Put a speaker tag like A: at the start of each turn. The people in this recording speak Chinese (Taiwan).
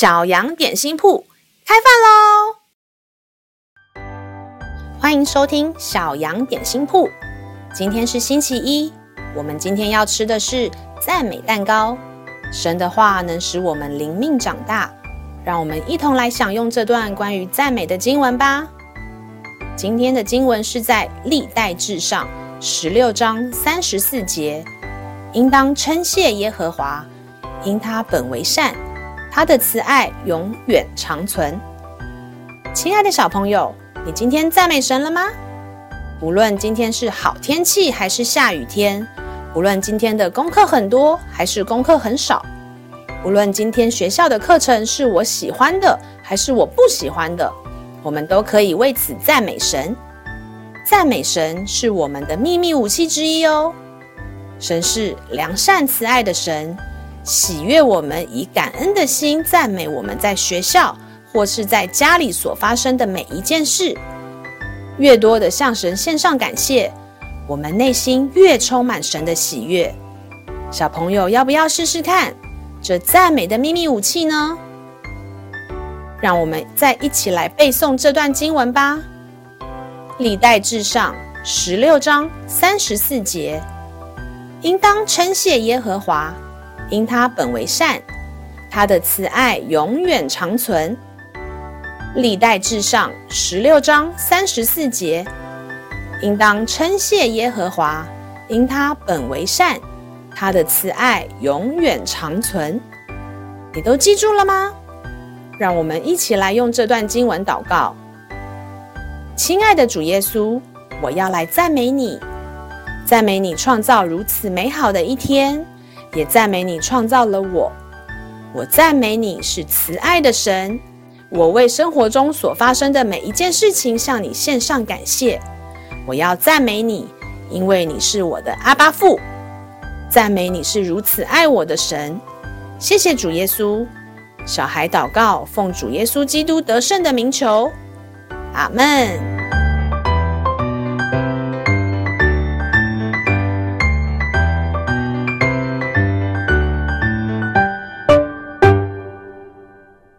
A: 小羊點心鋪開飯嘍！歡迎收聽小羊點心鋪。今天是星期一，我們今天要吃的是讚美蛋糕。神的話能使我們靈命長大，讓我們一同來享用這段關於讚美的經文吧。今天的經文是在歷代志上十六章三十四節，應當稱謝耶和華，因他本為善。他的慈愛永遠長存。親愛的小朋友，你今天讚美神了嗎？無論今天是好天氣還是下雨天，無論今天的功課很多還是功課很少，無論今天學校的課程是我喜歡的還是我不喜歡的，我們都可以為此讚美神。讚美神是我們的秘密武器之一哦。神是良善慈愛的神。喜悅我們以感恩的心讚美我們在學校或是在家裡所發生的每一件事，越多的向神獻上感謝，我們內心越充滿神的喜悅。小朋友要不要試試看這讚美的秘密武器呢？讓我們再一起來背誦這段經文吧，《歷代志上》十六章三十四節，應當稱謝耶和華。因他本為善，他的慈愛永遠長存。《歷代志上》十六章三十四節，應當稱謝耶和華，因他本為善，他的慈愛永遠長存。你都記住了嗎？讓我們一起來用這段經文禱告。親愛的主耶穌，我要來讚美你，讚美你創造如此美好的一天。也讚美你創造了我，我讚美你是慈愛的神，我為生活中所發生的每一件事情向你獻上感謝，我要讚美你，因為你是我的阿爸父，讚美你是如此愛我的神，謝謝主耶穌，小孩禱告，奉主耶穌基督得勝的名求，阿門。